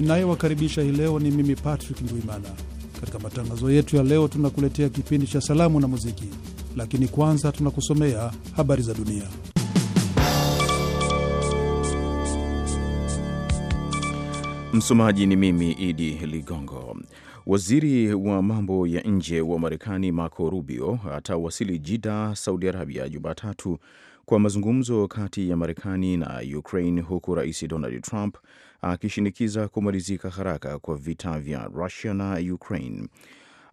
ninayewakaribisha hii leo ni mimi Patrick Ndwimana. Katika matangazo yetu ya leo, tunakuletea kipindi cha salamu na muziki, lakini kwanza tunakusomea habari za dunia. Msomaji ni mimi Idi Ligongo. Waziri wa mambo ya nje wa Marekani Marco Rubio atawasili Jida, Saudi Arabia, Jumatatu kwa mazungumzo kati ya Marekani na Ukraine, huku Rais Donald Trump akishinikiza kumalizika haraka kwa vita vya Rusia na Ukraine.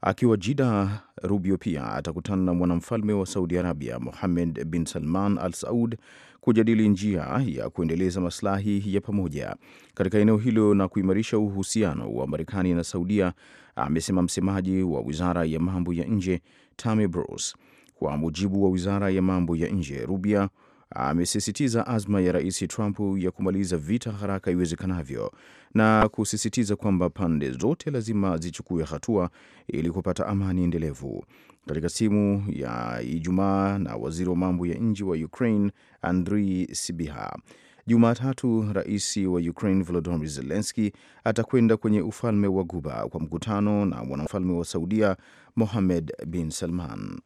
Akiwa Jida, Rubio pia atakutana na mwanamfalme wa Saudi Arabia Mohammed bin Salman Al Saud kujadili njia ya kuendeleza masilahi ya pamoja katika eneo hilo na kuimarisha uhusiano wa Marekani na Saudia, amesema msemaji wa wizara ya mambo ya nje Tammy Bruce. Kwa mujibu wa wizara ya mambo ya nje, Rubia amesisitiza azma ya Rais Trump ya kumaliza vita haraka iwezekanavyo na kusisitiza kwamba pande zote lazima zichukue hatua ili kupata amani endelevu. Katika simu ya Ijumaa na waziri wa mambo ya nje wa Ukraine Andrii Sibiha, Jumatatu rais wa Ukraine Volodymyr Zelensky atakwenda kwenye ufalme wa Guba kwa mkutano na mwanamfalme wa Saudia Mohammed bin Salman.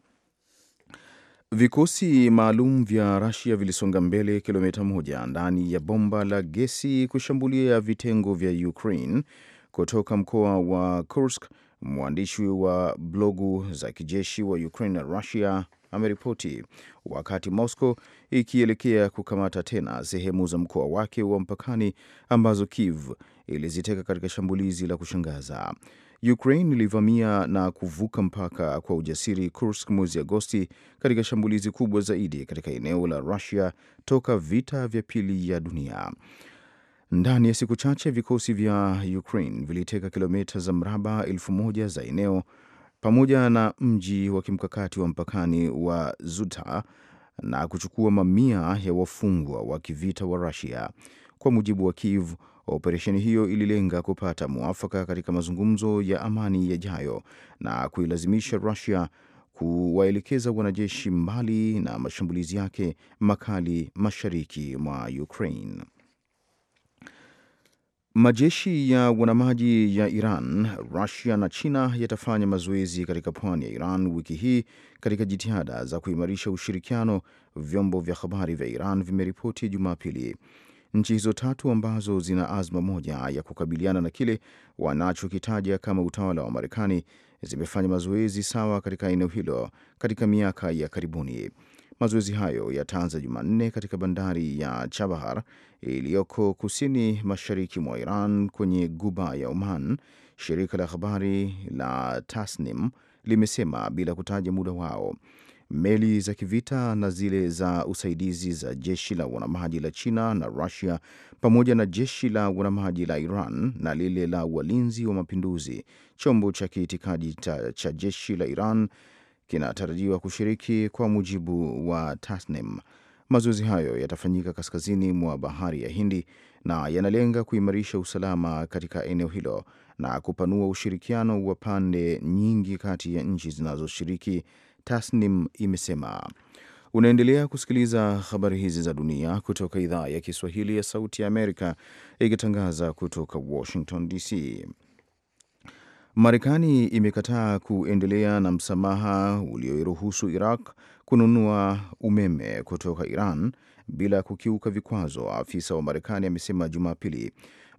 Vikosi maalum vya Rasia vilisonga mbele kilomita moja ndani ya bomba la gesi kushambulia vitengo vya Ukraine kutoka mkoa wa Kursk. Mwandishi wa blogu za kijeshi wa Ukraine na Russia ameripoti wakati Moscow ikielekea kukamata tena sehemu za mkoa wake wa mpakani ambazo Kiev iliziteka katika shambulizi la kushangaza. Ukraine ilivamia na kuvuka mpaka kwa ujasiri Kursk mwezi Agosti katika shambulizi kubwa zaidi katika eneo la Rusia toka vita vya pili ya dunia. Ndani ya siku chache vikosi vya Ukraine viliteka kilomita za mraba elfu moja za eneo pamoja na mji wa kimkakati wa mpakani wa Zuta na kuchukua mamia ya wafungwa wa kivita wa Rusia, kwa mujibu wa Kiev. Operesheni hiyo ililenga kupata mwafaka katika mazungumzo ya amani yajayo na kuilazimisha Rusia kuwaelekeza wanajeshi mbali na mashambulizi yake makali mashariki mwa Ukraine. Majeshi ya wanamaji ya Iran, Rusia na China yatafanya mazoezi katika pwani ya Iran wiki hii katika jitihada za kuimarisha ushirikiano, vyombo vya habari vya Iran vimeripoti Jumapili nchi hizo tatu ambazo zina azma moja ya kukabiliana na kile wanachokitaja kama utawala wa Marekani zimefanya mazoezi sawa katika eneo hilo katika miaka ya karibuni. Mazoezi hayo yataanza Jumanne katika bandari ya Chabahar iliyoko kusini mashariki mwa Iran kwenye guba ya Oman, shirika la habari la Tasnim limesema bila kutaja muda wao. Meli za kivita na zile za usaidizi za jeshi la wanamaji la China na Rusia pamoja na jeshi la wanamaji la Iran na lile la walinzi wa mapinduzi, chombo cha kiitikadi cha jeshi la Iran kinatarajiwa kushiriki, kwa mujibu wa Tasnim. Mazoezi hayo yatafanyika kaskazini mwa bahari ya Hindi na yanalenga kuimarisha usalama katika eneo hilo na kupanua ushirikiano wa pande nyingi kati ya nchi zinazoshiriki Tasnim imesema. Unaendelea kusikiliza habari hizi za dunia kutoka idhaa ya Kiswahili ya Sauti ya Amerika ikitangaza kutoka Washington DC. Marekani imekataa kuendelea na msamaha ulioiruhusu Iraq kununua umeme kutoka Iran bila kukiuka vikwazo, afisa wa Marekani amesema Jumapili.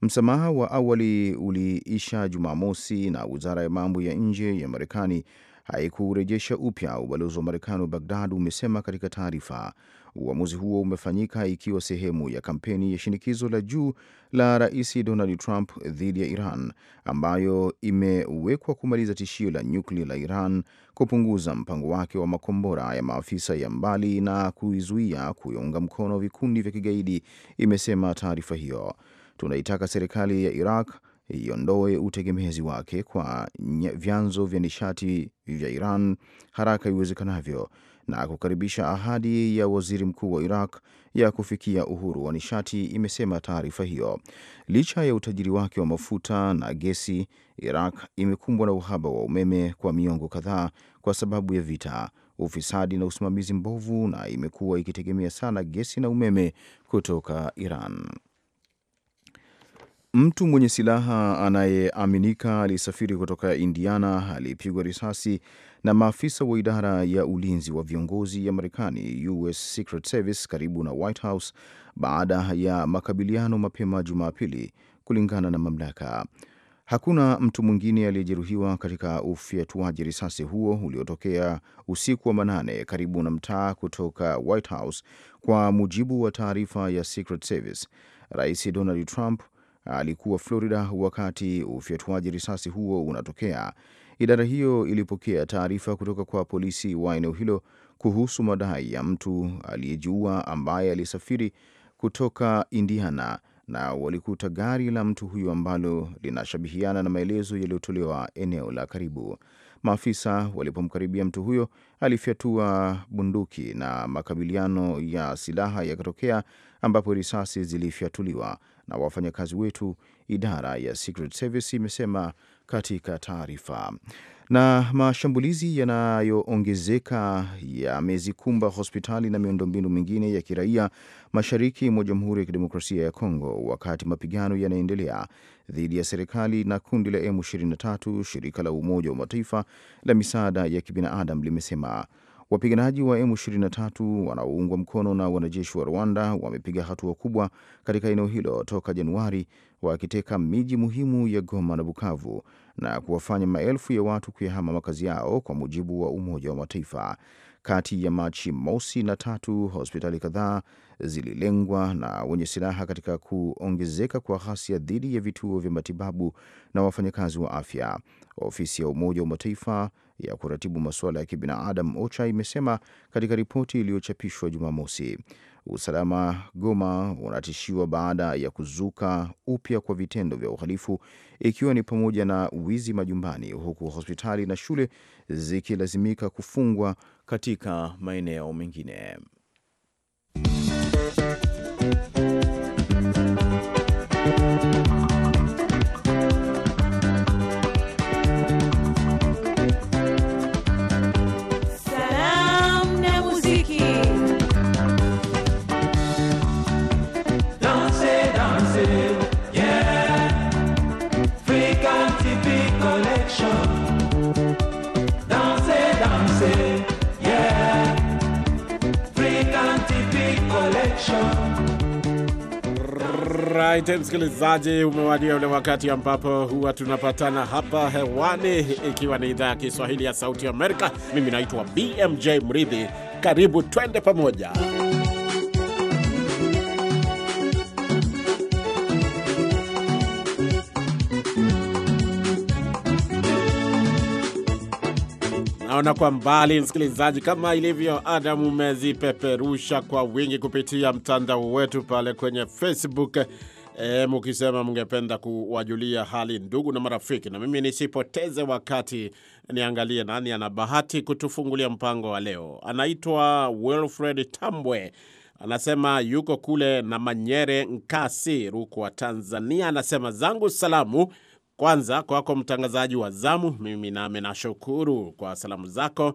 Msamaha wa awali uliisha Jumamosi na wizara ya mambo ya nje ya Marekani haikuurejesha upya ubalozi wa Marekani wa Bagdad umesema katika taarifa. Uamuzi huo umefanyika ikiwa sehemu ya kampeni ya shinikizo la juu la Rais Donald Trump dhidi ya Iran ambayo imewekwa kumaliza tishio la nyuklia la Iran, kupunguza mpango wake wa makombora ya maafisa ya mbali na kuizuia kuiunga mkono vikundi vya kigaidi, imesema taarifa hiyo. Tunaitaka serikali ya Iraq iondoe utegemezi wake kwa vyanzo vya nishati vya Iran haraka iwezekanavyo na kukaribisha ahadi ya waziri mkuu wa Iraq ya kufikia uhuru wa nishati, imesema taarifa hiyo. Licha ya utajiri wake wa mafuta na gesi, Iraq imekumbwa na uhaba wa umeme kwa miongo kadhaa kwa sababu ya vita, ufisadi na usimamizi mbovu, na imekuwa ikitegemea sana gesi na umeme kutoka Iran. Mtu mwenye silaha anayeaminika alisafiri kutoka Indiana alipigwa risasi na maafisa wa idara ya ulinzi wa viongozi ya Marekani, US Secret Service, karibu na White House baada ya makabiliano mapema Jumapili, kulingana na mamlaka. Hakuna mtu mwingine aliyejeruhiwa katika ufyatuaji risasi huo uliotokea usiku wa manane karibu na mtaa kutoka White House, kwa mujibu wa taarifa ya Secret Service. Rais Donald Trump alikuwa Florida wakati ufyatuaji risasi huo unatokea. Idara hiyo ilipokea taarifa kutoka kwa polisi wa eneo hilo kuhusu madai ya mtu aliyejiua ambaye alisafiri kutoka Indiana na walikuta gari la mtu huyo ambalo linashabihiana na maelezo yaliyotolewa eneo la karibu. Maafisa walipomkaribia mtu huyo, alifyatua bunduki na makabiliano ya silaha yakatokea, ambapo risasi zilifyatuliwa na wafanyakazi wetu, idara ya Secret Service imesema katika taarifa. Na mashambulizi yanayoongezeka yamezikumba hospitali na miundombinu mingine ya kiraia mashariki mwa Jamhuri ya Kidemokrasia ya Kongo, wakati mapigano yanaendelea dhidi ya serikali na kundi la M23. Shirika la Umoja wa Mataifa la misaada ya kibinadamu limesema Wapiganaji wa M23 wanaoungwa mkono na wanajeshi wa Rwanda wamepiga hatua kubwa katika eneo hilo toka Januari, wakiteka miji muhimu ya Goma na Bukavu na kuwafanya maelfu ya watu kuyahama makazi yao, kwa mujibu wa Umoja wa Mataifa. Kati ya Machi mosi na tatu, hospitali kadhaa zililengwa na wenye silaha katika kuongezeka kwa ghasia dhidi ya vituo vya matibabu na wafanyakazi wa afya. Ofisi ya Umoja wa Mataifa ya kuratibu masuala ya kibinadamu OCHA imesema katika ripoti iliyochapishwa Jumamosi. Usalama Goma unatishiwa baada ya kuzuka upya kwa vitendo vya uhalifu ikiwa ni pamoja na wizi majumbani, huku hospitali na shule zikilazimika kufungwa katika maeneo mengine. Right, msikilizaji, umewadia ule wakati ambapo huwa tunapatana hapa hewani, ikiwa ni idhaa ya Kiswahili ya Sauti Amerika. Mimi naitwa BMJ Mridhi, karibu twende pamoja. Naona kwa mbali, msikilizaji, kama ilivyo ada, mumezipeperusha kwa wingi kupitia mtandao wetu pale kwenye Facebook. E, mukisema mngependa kuwajulia hali ndugu na marafiki, na mimi nisipoteze wakati niangalie nani ana bahati kutufungulia mpango wa leo. Anaitwa Wilfred Tambwe, anasema yuko kule na Manyere, Nkasi, Rukwa, Tanzania. Anasema zangu salamu kwanza kwako mtangazaji wa zamu, mimi nami nashukuru kwa salamu zako.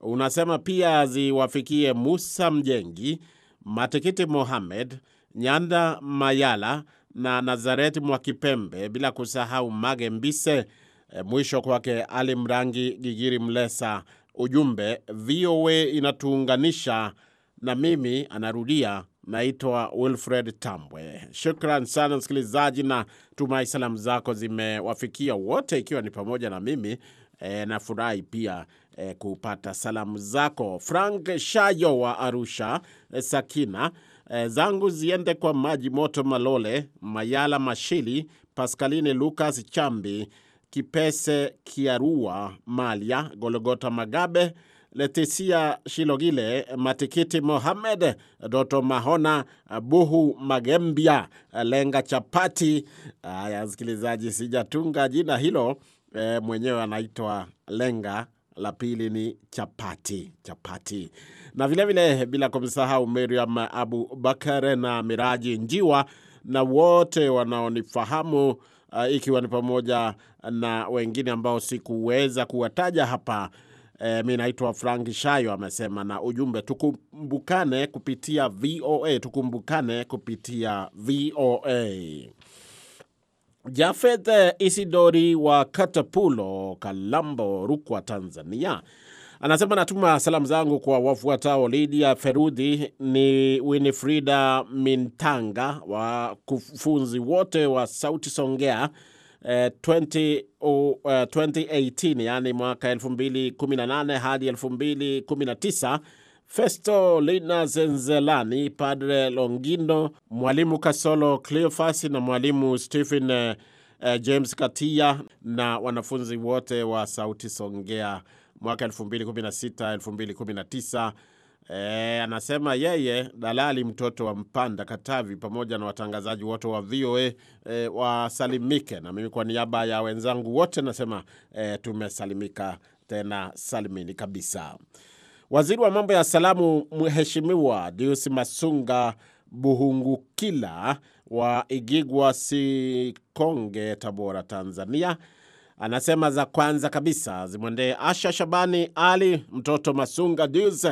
Unasema pia ziwafikie Musa Mjengi, Matikiti Mohamed, Nyanda Mayala na Nazareti Mwakipembe, bila kusahau Mage Mbise. Eh, mwisho kwake Ali Mrangi Gigiri Mlesa. Ujumbe VOA inatuunganisha na mimi, anarudia Naitwa Wilfred Tambwe. Shukran sana msikilizaji, na tumai salamu zako zimewafikia wote, ikiwa ni pamoja na mimi e, eh, nafurahi pia e, kupata salamu zako. Frank Shayo wa Arusha, e, Sakina e, zangu ziende kwa Maji Moto Malole, Mayala Mashili, paskalini lukas Chambi, Kipese Kiarua, Malia Gologota Magabe Letisia Shilogile, Matikiti Mohamed, Doto Mahona, Buhu Magembia, Lenga Chapati. aya msikilizaji, sijatunga jina hilo e, mwenyewe anaitwa Lenga la pili ni chapati chapati, na vilevile vile, bila kumsahau Miriam Abu Bakar na Miraji Njiwa na wote wanaonifahamu uh, ikiwa ni pamoja na wengine ambao sikuweza kuwataja hapa eh, mi naitwa Frank Shayo amesema, na ujumbe tukumbukane kupitia VOA, tukumbukane kupitia VOA. Jafeth eh, Isidori wa Katapulo, Kalambo, Rukwa, Tanzania anasema natuma salamu zangu kwa wafuatao: Lidia Ferudhi, ni Winifrida Mintanga, wakufunzi wote wa Sauti Songea 20, uh, 2018 yani mwaka 2018 hadi 2019. Festo Lina Zenzelani, Padre Longino, Mwalimu Kasolo Cleofas na Mwalimu Stephen eh, James Katia na wanafunzi wote wa Sauti Songea mwaka 2016 2019 E, anasema yeye dalali mtoto wa Mpanda Katavi pamoja na watangazaji wote wa VOA e, wasalimike na mimi kwa niaba ya wenzangu wote nasema e, tumesalimika tena salimini kabisa. Waziri wa mambo ya salamu Mheshimiwa Dius Masunga Buhungukila wa Igigwa Sikonge, Tabora, Tanzania anasema za kwanza kabisa zimwendee Asha Shabani Ali, mtoto Masunga Dius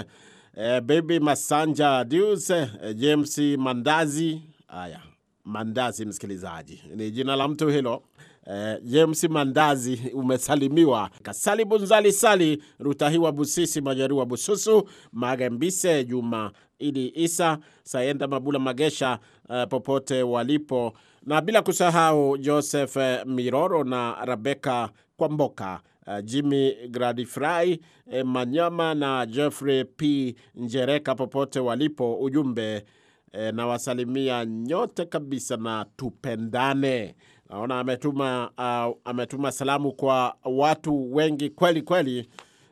eh, Baby Masanja Deus, eh, James Mandazi. aya Mandazi msikilizaji, ni jina la mtu hilo. Eh, James Mandazi umesalimiwa. Kasali Bunzali Sali Rutahiwa Busisi majariwa Bususu Magembise Juma Idi Isa Sayenda Mabula Magesha eh, popote walipo na bila kusahau Joseph eh, Miroro na Rebeka Kwamboka Uh, Jimmy Gradifry, eh, Manyama na Jeffrey P Njereka popote walipo. Ujumbe eh, na wasalimia nyote kabisa na tupendane. Naona ametuma, uh, ametuma salamu kwa watu wengi kweli kweli,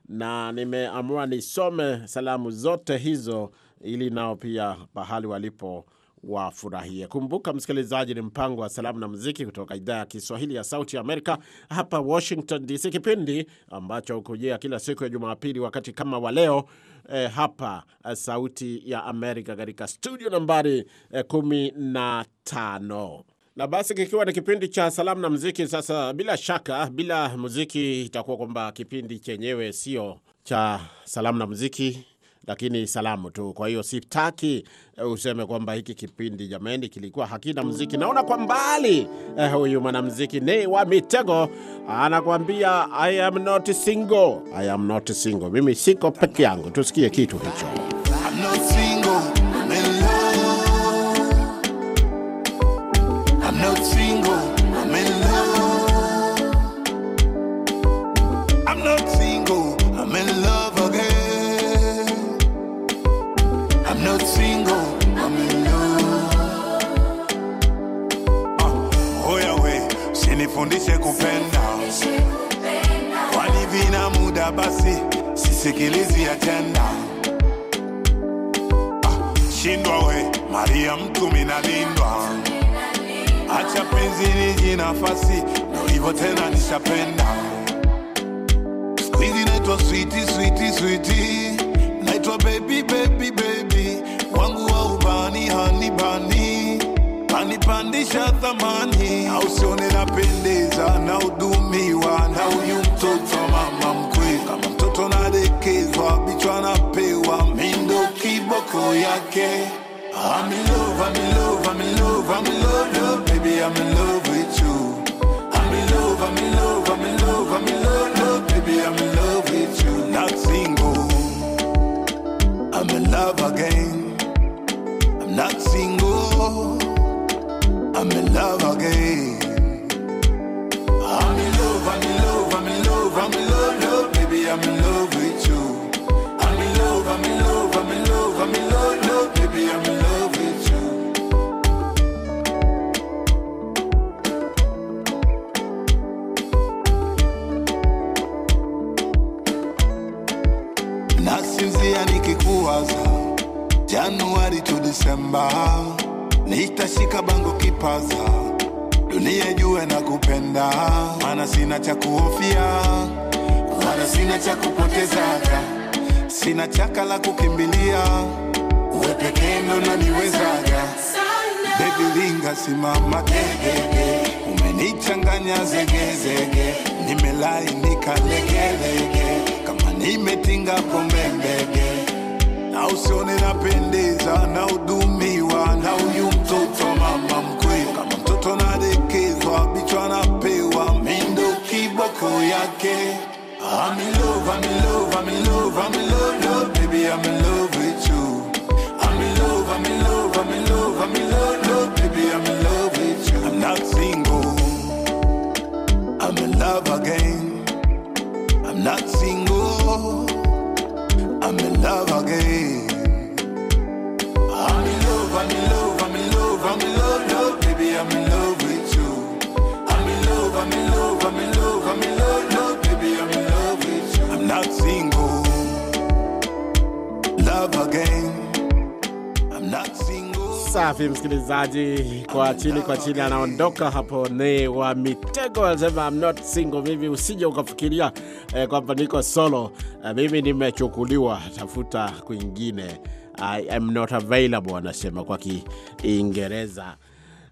na nimeamua nisome salamu zote hizo ili nao pia pahali walipo wafurahie. Kumbuka msikilizaji, ni mpango wa salamu na muziki kutoka idhaa ya Kiswahili ya Sauti ya Amerika hapa Washington DC, kipindi ambacho hukujia kila siku ya Jumapili wakati kama wa leo eh, hapa eh, Sauti ya Amerika katika studio nambari eh, kumi na tano na basi kikiwa ni kipindi cha salamu na muziki. Sasa bila shaka, bila muziki itakuwa kwamba kipindi chenyewe sio cha salamu na muziki lakini salamu tu. Kwa hiyo sitaki eh, useme kwamba hiki kipindi jamani kilikuwa hakina muziki. Naona kwa mbali eh, huyu mwanamziki ni wa mitego anakuambia I am not single. I am not single, mimi siko peke yangu. Tusikie kitu hicho. I'm not single. nifundishe kupenda, kwani vina muda basi sisikilizi ajenda. Ah, shindwa we Maria, mtu minalindwa, acha penzi liji nafasi, ndo hivyo tena nishapenda. Squeeze naitwa sweetie, sweetie, sweetie, naitwa baby, baby, baby, wangu wa ubani, honey, bunny I'm in love, I'm in love, I'm in love, I'm in love, love, baby, I'm in love with you. I'm in love, I'm in love, I'm in love, I'm in love, love, baby, I'm in love with you. Not single, I'm in love again. I'm not single. I'm in love again. Koyake. I'm in love, I'm in love, I'm in love, I'm in love, love, baby, I'm in love with you. I'm in love, I'm in love, I'm in love, I'm in love, love, baby, I'm in love with you. I'm not single, I'm in love again. I'm not single, I'm in love again. Safi msikilizaji, kwa chini kwa chini anaondoka hapo. Ni wa mitego anasema I'm not single. Mimi usije ukafikiria eh, kwamba niko solo eh, mimi nimechukuliwa, tafuta kwingine. I am not available, anasema kwa Kiingereza.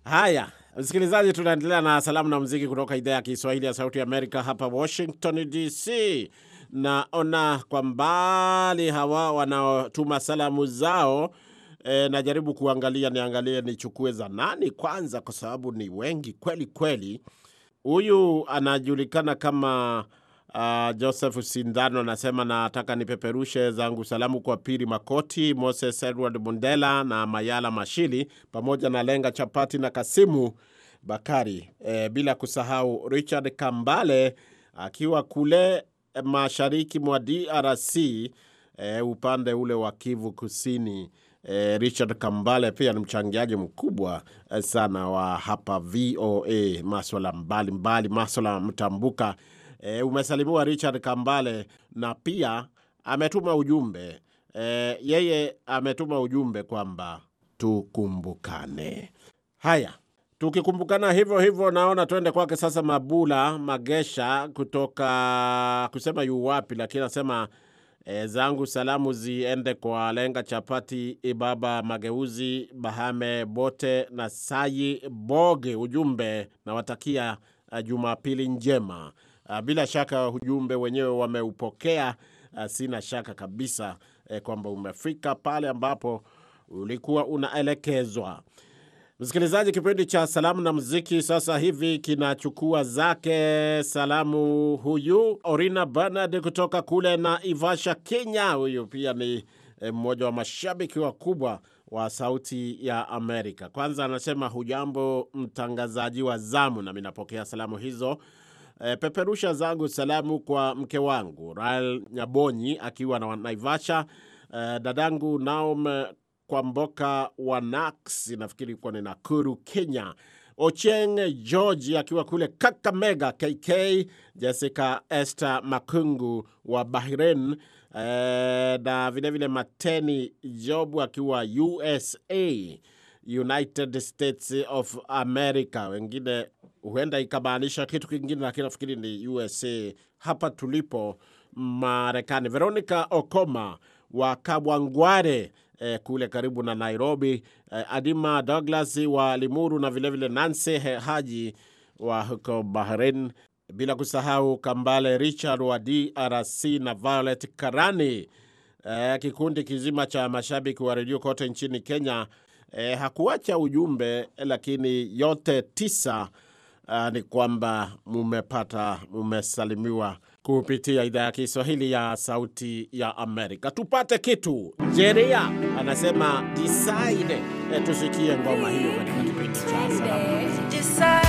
Haya msikilizaji, tunaendelea na salamu na muziki kutoka idhaa ya Kiswahili ya Sauti Amerika hapa Washington DC. Naona kwa mbali hawa wanaotuma salamu zao e, najaribu kuangalia niangalie nichukue za nani kwanza, kwa sababu ni wengi kweli kweli. Huyu anajulikana kama uh, Joseph Sindano anasema, nataka nipeperushe zangu salamu kwa Piri Makoti, Moses Edward Mundela na Mayala Mashili, pamoja na Lenga Chapati na Kasimu Bakari, e, bila kusahau Richard Kambale akiwa kule mashariki mwa DRC, e, upande ule wa Kivu Kusini. Eh, Richard Kambale pia ni mchangiaji mkubwa eh, sana wa hapa VOA maswala mbalimbali, maswala mtambuka. E, umesalimiwa Richard Kambale, na pia ametuma ujumbe e, yeye ametuma ujumbe kwamba tukumbukane. Haya, tukikumbukana hivyo hivyo, naona twende kwake sasa. Mabula Magesha kutoka kusema yu wapi, lakini anasema E, zangu salamu ziende kwa Lenga Chapati, Ibaba Mageuzi, Bahame Bote na Sayi Boge. Ujumbe nawatakia uh, Jumapili njema. Uh, bila shaka ujumbe wenyewe wameupokea, uh, sina shaka kabisa kwamba umefika pale ambapo ulikuwa unaelekezwa. Msikilizaji, kipindi cha salamu na muziki sasa hivi kinachukua zake salamu. Huyu Orina Bernard kutoka kule na Ivasha, Kenya. Huyu pia ni eh, mmoja wa mashabiki wakubwa wa Sauti ya Amerika. Kwanza anasema hujambo mtangazaji wa zamu, nami napokea salamu hizo. E, peperusha zangu salamu kwa mke wangu Rael Nyabonyi akiwa na Naivasha. E, dadangu Naom kwa mboka wa nax nafikiri kuwa ni Nakuru, Kenya. Ocheng George akiwa kule Kakamega, KK Jessica este Makungu wa Bahrain e, na vilevile Mateni Jobu akiwa USA, United States of America. Wengine huenda ikamaanisha kitu kingine, lakini nafikiri ni USA hapa tulipo Marekani. Veronica Okoma wa Kabwangware eh, kule karibu na Nairobi eh, Adima Douglas wa Limuru na vilevile vile Nancy eh, Haji wa huko Bahrain, bila kusahau Kambale Richard wa DRC na Violet Karani. Eh, kikundi kizima cha mashabiki wa redio kote nchini Kenya eh, hakuacha ujumbe, lakini yote tisa eh, ni kwamba mumepata mumesalimiwa kupitia idhaa ya Kiswahili ya Sauti ya Amerika. Tupate kitu Jeria anasema decide. Eh, tusikie ngoma hiyo katika kipindi cha salamu.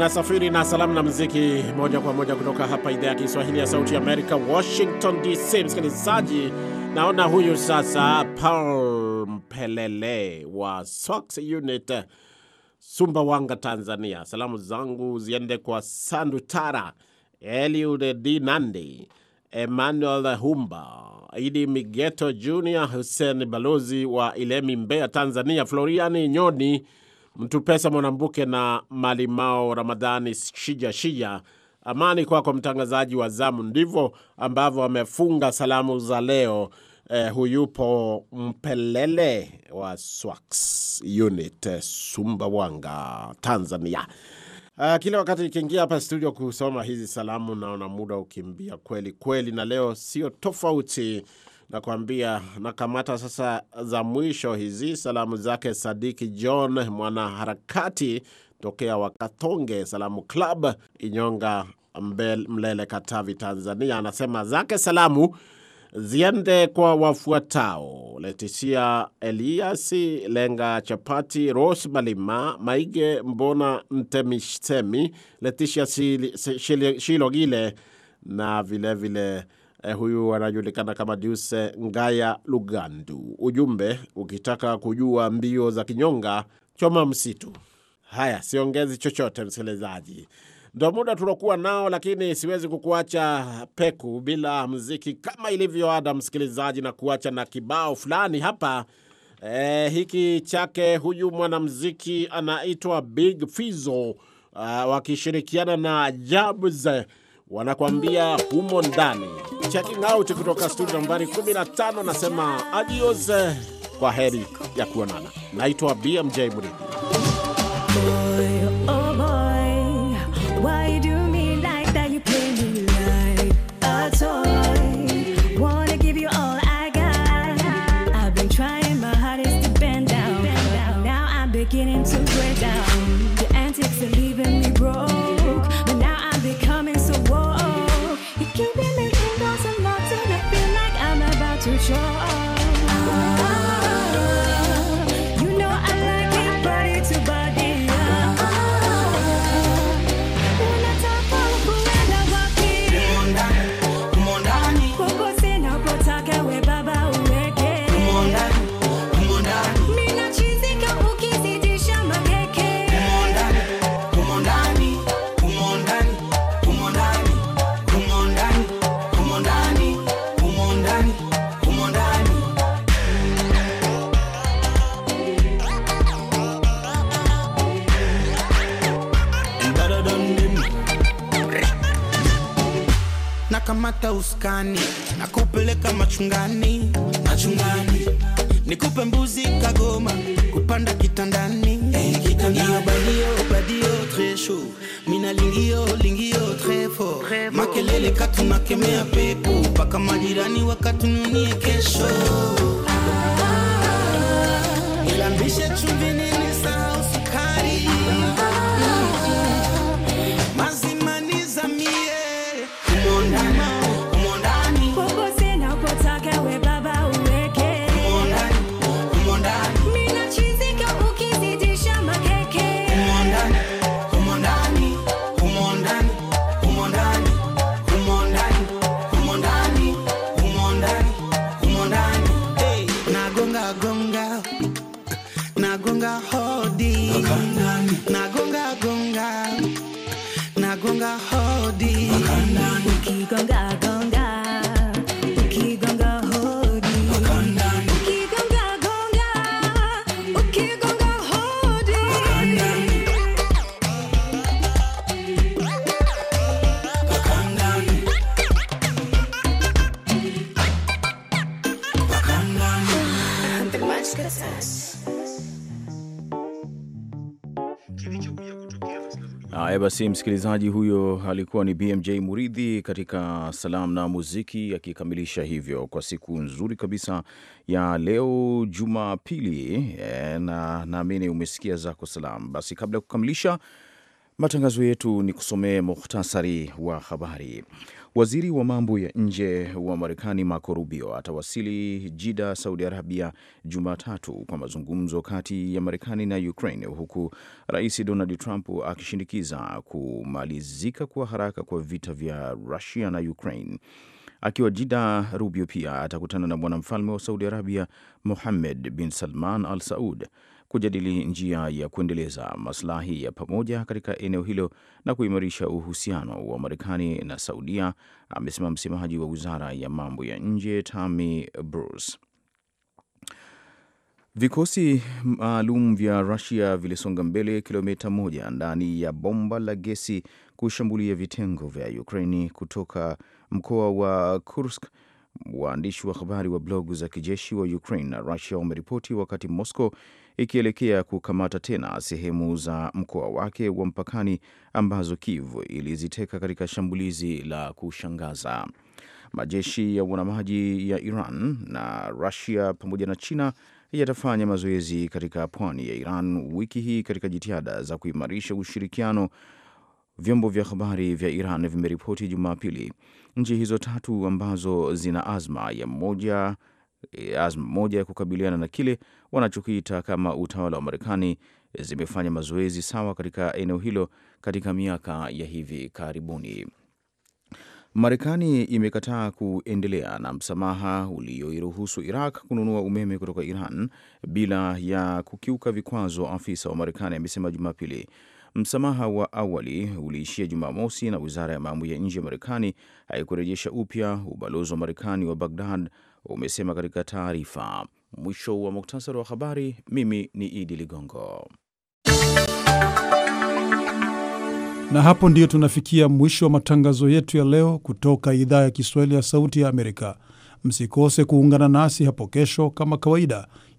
Unasafiri na salamu na mziki moja kwa moja kutoka hapa idhaa ya Kiswahili ya Sauti ya Amerika, Washington DC. Msikilizaji, naona huyu sasa Paul Mpelele wa Sox Unit, Sumbawanga, Tanzania. Salamu zangu ziende kwa Sandutara, Eliud D Nandi, Emmanuel Humba, Idi Migeto Junior, Hussein Balozi wa Ilemi, Mbeya, Tanzania, Floriani Nyoni Mtu Pesa Mwanambuke na Malimao Ramadhani Shija Shija. Amani kwako kwa mtangazaji wa zamu. Ndivyo ambavyo amefunga salamu za leo. Eh, huyupo Mpelele wa Swax Unit, Sumbawanga, Tanzania. Uh, kila wakati nikiingia hapa studio kusoma hizi salamu naona muda ukimbia kweli kweli, na leo sio tofauti nakwambia nakamata sasa za mwisho hizi salamu zake Sadiki John mwanaharakati tokea Wakatonge salamu club Inyonga mbel, Mlele, Katavi, Tanzania, anasema zake salamu ziende kwa wafuatao: Letisia Eliasi Lenga Chapati, ros Malima Maige, Mbona Mtemistemi, Letisia Shilogile na vilevile vile eh, huyu anajulikana kama Duse Ngaya Lugandu. Ujumbe ukitaka kujua mbio za kinyonga, choma msitu. Haya, siongezi chochote msikilizaji, ndo muda tulokuwa nao, lakini siwezi kukuacha peku bila mziki kama ilivyo ada, msikilizaji, na kuacha na kibao fulani hapa. Eh, hiki chake huyu mwanamziki anaitwa Big Fizzo uh, ah, wakishirikiana na Jabze wanakuambia humo ndani. Checking out kutoka studio nambari 15, nasema adios, kwa heri ya kuonana. Naitwa BMJ Mridhi. hata uskani na kupeleka machungani, machungani nikupe mbuzi Kagoma kupanda kitandani badio eh, badio tresho mina lingio lingio trefo makelele katunakemea pepo mpaka majirani wakatununie kesho ah, ah, ah, ilambishe chumvi Basi msikilizaji, huyo alikuwa ni BMJ Muridhi katika salamu na muziki, akikamilisha hivyo kwa siku nzuri kabisa ya leo Jumapili, eh, na naamini umesikia zako salamu. Basi kabla ya kukamilisha matangazo yetu ni kusomee muhtasari wa habari. Waziri wa mambo ya nje wa Marekani Marco Rubio atawasili Jida, Saudi Arabia, Jumatatu kwa mazungumzo kati ya Marekani na Ukraine, huku Rais Donald Trump akishinikiza kumalizika kwa haraka kwa vita vya Rusia na Ukraine. Akiwa Jida, Rubio pia atakutana na mwanamfalme wa Saudi Arabia Mohammed bin Salman Al Saud kujadili njia ya kuendeleza maslahi ya pamoja katika eneo hilo na kuimarisha uhusiano wa Marekani na Saudia, amesema msemaji wa wizara ya mambo ya nje Tammy Bruce. Vikosi maalum vya Rusia vilisonga mbele kilomita moja ndani ya bomba la gesi kushambulia vitengo vya Ukraini kutoka mkoa wa Kursk waandishi wa habari wa blogu za kijeshi wa Ukraine na Rusia wameripoti wakati Moscow ikielekea kukamata tena sehemu za mkoa wake wa mpakani ambazo Kiev iliziteka katika shambulizi la kushangaza. Majeshi ya wanamaji ya Iran na Rusia pamoja na China yatafanya mazoezi katika pwani ya Iran wiki hii katika jitihada za kuimarisha ushirikiano, vyombo vya habari vya Iran vimeripoti Jumapili. Nchi hizo tatu ambazo zina azma ya moja e, azma moja ya kukabiliana na kile wanachokiita kama utawala wa Marekani e, zimefanya mazoezi sawa katika eneo hilo katika miaka ya hivi karibuni. Marekani imekataa kuendelea na msamaha ulioiruhusu Iraq kununua umeme kutoka Iran bila ya kukiuka vikwazo, afisa wa Marekani amesema Jumapili. Msamaha wa awali uliishia Jumamosi na wizara ya mambo ya nje ya Marekani haikurejesha upya. Ubalozi wa Marekani wa Bagdad umesema katika taarifa. Mwisho wa muktasari wa habari. Mimi ni Idi Ligongo, na hapo ndiyo tunafikia mwisho wa matangazo yetu ya leo kutoka idhaa ya Kiswahili ya Sauti ya Amerika. Msikose kuungana nasi hapo kesho kama kawaida